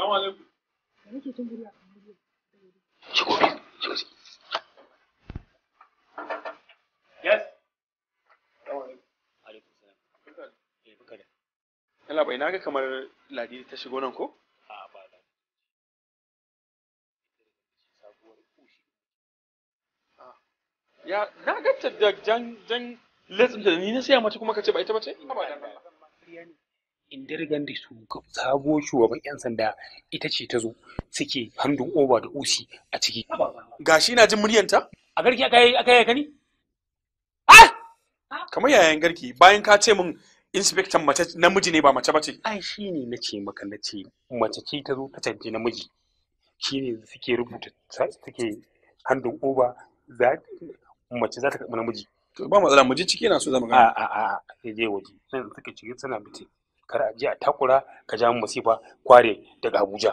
Assalamu alaikum. Da nake eh, a murya. Shigo bi, shigo ciki. Yes. Yalla bai naga kamar Ladi ta shigo nan ko? A ah. Ya na ga ta da jan jan da ni na saya mata kuma kace ba ita Ba da. indirgan da su sabo shugaban yan sanda ita ce ta zo suke handun oba da usi a ciki gashi na jin muryanta a garki aka yi aka yi gani ah! kamar yayan garki bayan ka ce min inspector mace namiji ne ba mace bace ai shine na ce maka na ce mace ce ta zo ta canje namiji shine suke rubuta suke handun oba za mace za ta karɓi namiji ba matsala mu je ciki na so zama a a a sai je waje sai suka ciki suna bitin kar a je a takura ka ja masifa kware daga Abuja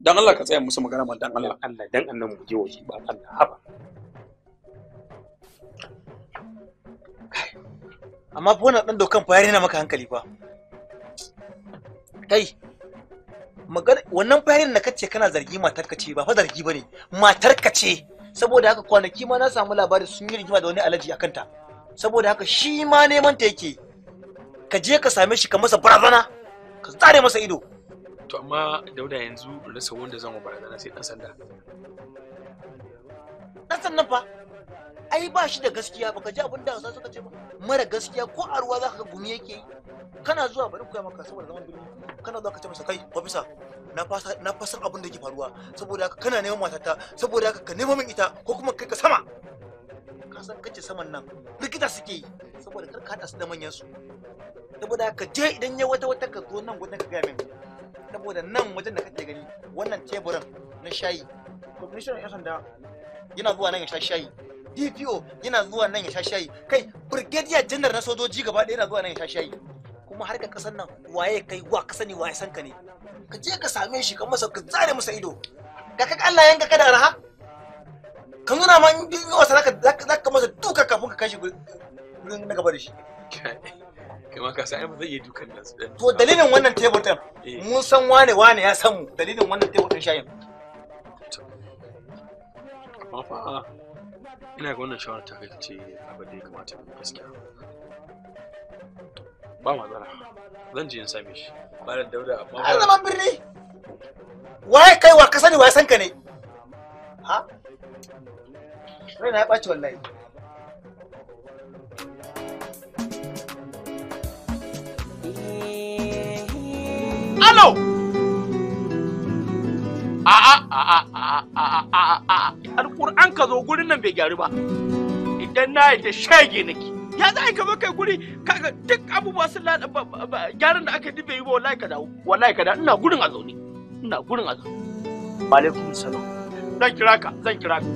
dan Allah ka tsaya musu magana man dan Allah Allah dan annan mu je waje ba Allah haba amma fa wannan dan dokan fa ya rena maka hankali fa kai magana wannan fa da kace kana zargi ka ce ba fa zargi bane ka ce saboda haka kwanaki ma na samu labari sun yi rigima da wani alaji akan ta saboda haka shi ma neman ta yake ka je ka same shi ka masa barazana ka tsare masa ido to amma dauda yanzu rasa wanda zan barazana sai dan sanda dan sanda fa ai ba shi da gaskiya ba ka ji abin da hausa suka ce ba mara gaskiya ko a ruwa za ka gumi yake yi kana zuwa bari koya maka saboda zaman birni kana zuwa ka ce masa kai ofisa na fasan abin da ke faruwa saboda haka kana neman matata saboda haka ka nemo min ita ko kuma kai ka sama ka san kace saman nan likita suke yi saboda kar ka hada su da manyan su saboda ka je idan ya wata wata ka zo nan gudun ka gaya min saboda nan wajen da kake gani wannan teburin na shayi commissioner yan sanda yana zuwa nan ya sha shayi dpo yana zuwa nan ya sha shayi kai brigadier general na sojoji gaba ɗaya yana zuwa nan ya sha shayi kuma har ka kasan nan waye kai wa ka sani waye san ka ne ka je ka same shi ka masa ka zare masa ido ga ka Allah yanka ka da raha ka nuna ma in wasa zaka masa duka kafin ka kai shi na gaba da shi kamar ka san zai iya dukan nan to dalilin wannan tebur din eh. mun san wane wane ya san mu dalilin wannan tebur din shayin amma fa ina ga wannan shawara ta kai ce abin da ya kamata mu gaskiya ba ma matsala zan je in same shi ba da dauda amma ba zaman birni waye kai wa ka sani waye san ka ne ha raina ya ɓaci wallahi alo a a a a a a a alƙur'an ka zo gurin nan bai gyaru ba idan na yadda shage nake ya za ka zo kai guri duk abubuwa sun gyaran da aka dube yi ba wallahi ka dawo wallahi ka dawo ina gurin a zaune ina gurin a zaune alaikum salam zan kira ka zan kira ka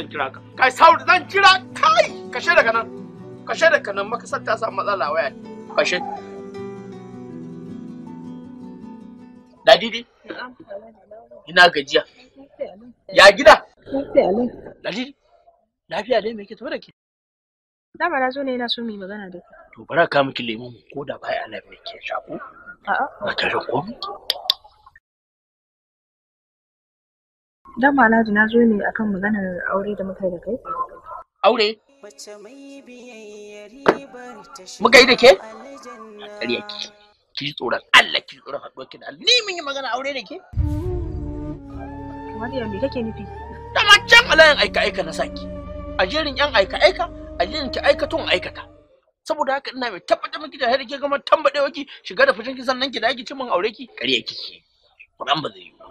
zan kira ka kai sauri zan kira kai kashe daga nan nan ta samu matsala waya kashe Ladidi? Ina gajiya. Ya gida? Ladidi? Lafiya dai me ke tafi da ke? Dama na zo ne ina so mu yi magana da ke. To bara ka miki lemon ko da baya ana mai ke sha ko? A'a. Ba ta da ko? Da Alhaji na zo ne akan maganar aure da muka yi da kai. Aure? Muka yi da ke? Ƙarya ke. ki tsoron Allah ki tsoron haɗuwar ki da Allah ni mun yi magana aure da ke Mariya me kake nufi da macen alayin aika aika na saki a jerin yan aika aika a jerin ki aikatun aikata saboda haka ina mai tabbatar miki da har ke gama tambadewa ki shiga da fushin ki sannan ki dage cimma aure ki ƙarya kike Kuran ba zai yi ba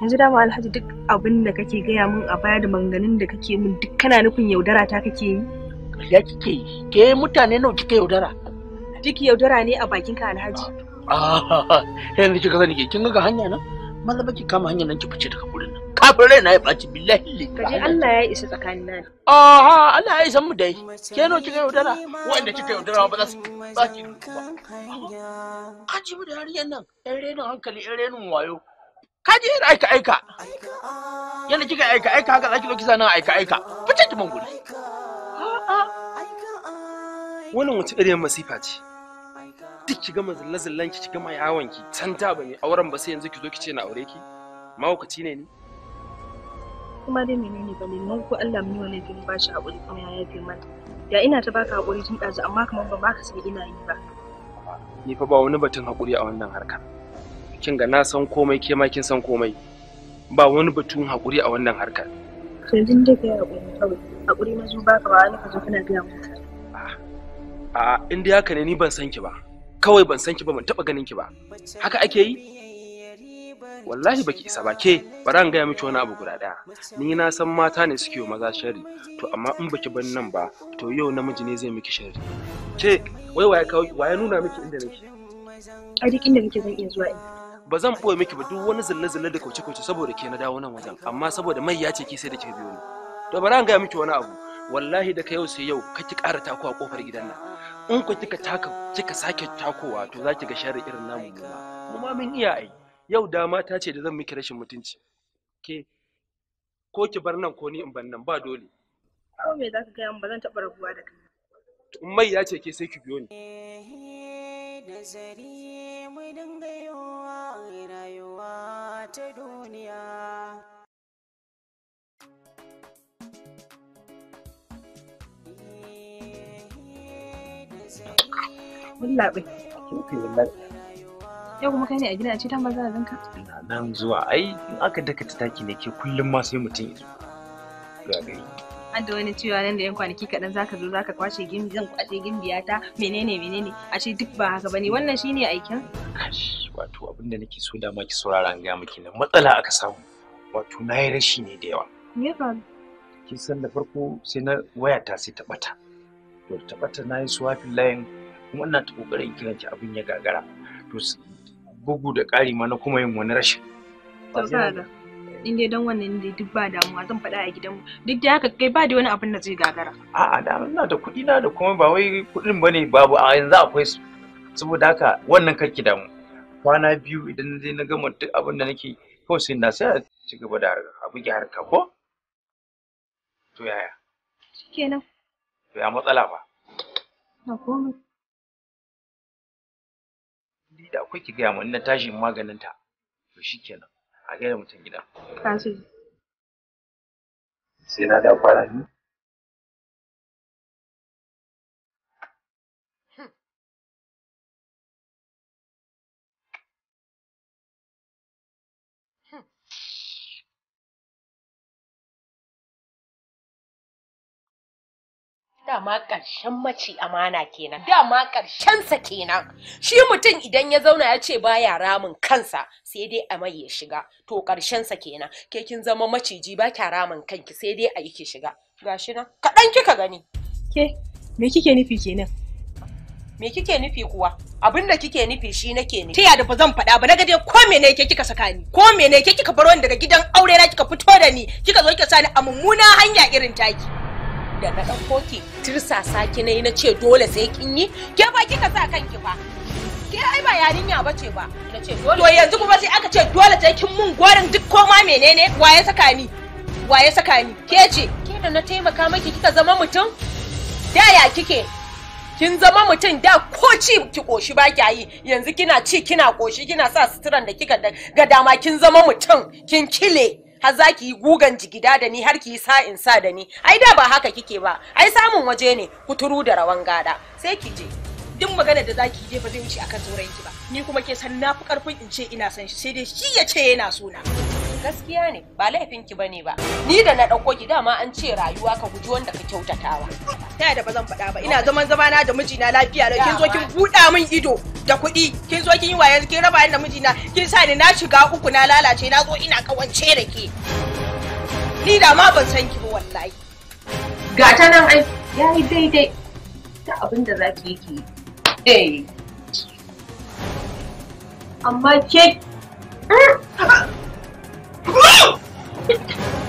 yanzu dama alhaji duk abin da kake gaya min a baya da manganin da kake min duk kana nufin yaudara ta kake yi ya kike yi ke mutane nawa kika yaudara jiki yaudara ne a bakin ah, ka alhaji yanzu kika sani ke kin ga hanya nan maza baki kama hanya nan ki fice daga gurin nan kafin rai na ya baci billahi kaje Allah ya isa tsakanin nan aha Allah ya isa mu dai ke no kika yaudara wanda kika yaudara ba za su baki kaje mu da yariyan nan yan renin hankali yan renin wayo kaje je aika aika yana kika aika aika haka zaki zo kisa nan aika aika fice ki man gurin wannan wata irin masifa ce duk ki gama zallan ki gama yawon ki san da auren ba sai yanzu ki zo ki ce na aure ki mahaukaci ne ni kuma dai menene ba ne mun ko Allah mun wani jin ba shi hakuri kuma ya yafe mana Ya ina ta baka hakuri tun ɗazu amma kamar ba baka sai ina yi ba ni fa ba wani batun hakuri a wannan harkar kin ga na san komai ke ma kin san komai ba wani batun hakuri a wannan harkar to yanzu dai kai hakuri kawai hakuri na zo baka ba wani ka zo kana biya mutane a in haka ne ni ban san ki ba kawai ban san ki ba ban taba ganin ki ba haka ake yi wallahi baki isa ba ke bari an gaya miki wani abu guda daya ni na san mata ne suke yi maza sharri to amma in baki ban nan ba to yau namiji ne zai miki sharri ke wai waye kawai waye nuna miki inda nake a duk inda nake zan iya zuwa in ba zan boye miki ba duk wani zulle zulle da kauce kauce saboda ke na dawo nan wajen amma saboda mai ya ce ki sai da kika biyo ni to bari an gaya miki wani abu wallahi da ka yau sai yau kake ƙara taku a kofar gidan nan in ku kika taka kika sake takowa to za ki ga sharri irin namu mu ma mu mun iya ai yau dama ta ce da zan miki rashin mutunci ke ko ki bar nan ko ni in bar nan ba dole ko me za ka gaya ba zan taɓa rabuwa da kai in mai ya ce ke sai ki biyo ni nazari mu dinga yawa rayuwa ta duniya Wallaɓe. Yau kuma kai ne a gida ce tan bazara ɗinka? Ina nan zuwa ai in aka daka ta taki ne ke kullum ma sai mutum ya Ga gari. An da wani cewa nan da yan kwanaki kaɗan zaka zo zaka kwashe gimbi zan kwashe gimbiya ta menene menene a ce duk ba haka bane wannan shine aikin. Wato abin da nake so da ma ki saurara an gaya miki nan matsala aka samu wato na yi rashi ne da yawa. Me faru? Kin san da farko sai na waya ta sai ta ɓata. To ta ɓata na yi swafin layin kuma ina ta kokarin kiran ci abin ya gagara to bugu da ƙari ma na kuma yin wani rashin in dai dan wannan dai duk ba damuwa zan faɗa a gidanmu duk da haka kai ba da wani abin da zai gagara a'a da ina da kuɗi na da kuma ba wai kuɗin bane babu a yanzu akwai su saboda haka wannan kake damu kwana biyu idan na gama duk abin da nake kawai sai na sai a ci gaba da harka a buge harka ko to yaya shikenan to ya matsala ba na komai duk da akwai ki gaya ni na tashin maganin ta to shikenan a gaya mutum gida sai na da kwana biyu dama ƙarshen mace amana kenan dama ƙarshensa kenan shi mutum idan ya zauna ya ce baya ramin kansa sai dai a mai ya shiga to ƙarshensa kenan ke kin zama maciji ba kya ramin kanki sai dai a yi shiga gashi nan kaɗan kika gani ke me kike nufi kenan me kike nufi kuwa abin da kike nufi shi nake ne taya da ba zan faɗa ba na gaje ko me ne kika saka ni ko mene ke kika bar ni daga gidan aure na kika fito da ni kika zo kika sa ni a mummuna hanya irin taki da na ɗauko ki tirsasa ki na na ce dole sai kin yi ke ba kika sa kanki ba ke ai ba yarinya ba ce ba na ce dole to yanzu kuma sai aka ce dole sai kin mun gorin duk koma menene waye saka ni waye saka ni ke ce ke da na taimaka maki kika zama mutum da ya kike kin zama mutum da ko ci ki koshi ba ki yi yanzu kina ci kina koshi kina sa suturan da kika ga dama kin zama mutum kin kile har za ki yi gugan jigida da ni har ki yi sa'in sa da ni ai da ba haka kike ba ai samun waje ne kuturu da rawan gada sai ki je duk magana da zaki je ba zai wuce akan saurayin ki ba ni kuma ke san na fi karfin in ce ina san shi sai dai shi ya ce yana suna gaskiya ne ba laifin ki bane ba ni da na dauko ki dama an ce rayuwa ka guji wanda ka kyautatawa ta da ba zan faɗa ba ina zaman zamana da mijina lafiya da kin zo kin buɗa min ido da kuɗi kin zo kin yi yanzu, kin raba ni da mijina kin sa ni na shiga uku na lalace na zo ina kawance da ke ni da ma ban san ki ba wallahi ga ta nan ai yayi daidai ta abin da zaki yake eh amma ke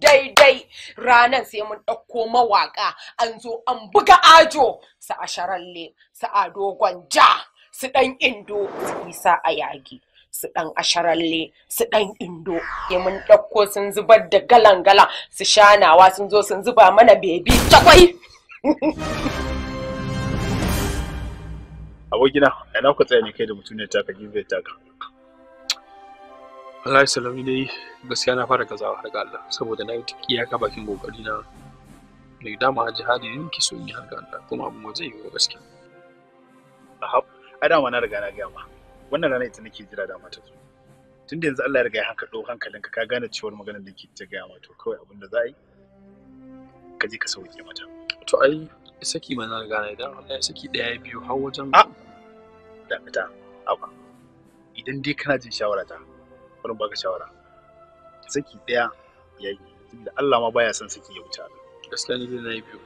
daidai ranan sai mun ɗauko mawaƙa an zo an buga ajo su a sharalle su a dogon ja su ɗan indo su isa a yagi su ɗan asharalle su ɗan indo ya mun ɗauko sun zubar da galan-galan su shanawa sun zo sun zuba mana bebi takwai abokina ina ku tsaya ne kai da mutum ne taka gizo taka Allah ya salami dai gaskiya na fara gazawa har ga Allah saboda na yi iyaka bakin kokari na da dama jihadi yin ke so yi har ga Allah kuma abin ba zai yi gaskiya. Ahab, ai dama na riga na gaya ma wannan rana ita nake jira dama ta zo. Tun da yanzu Allah ya riga ya hanka ɗau hankalinka ka gane cewar maganar da ke ta gaya ma to kawai abin da za a yi ka je ka sauke mata. To ai saki ma na riga na idan Allah ya saki ɗaya biyu har wajen. A, ah! da fita, abu. Idan dai kana jin shawara ta, bari baka shawara saki daya ya yi da Allah ma baya son saki ya wuce gaskiya ni na yi biyu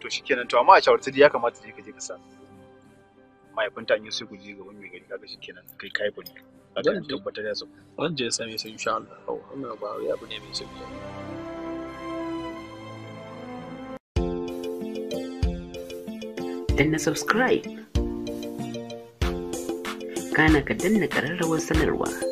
to shikenan to amma a shawarci ya kamata je ka je ka sa mahaifinta an yi sai guji gaban mai gari kaga shikenan kai kai ku ne kaga tabbatar ya zo zan je same sai insha Allah amma ba wai abu ne mai sauki danna subscribe kana ka danna ƙararrawar sanarwa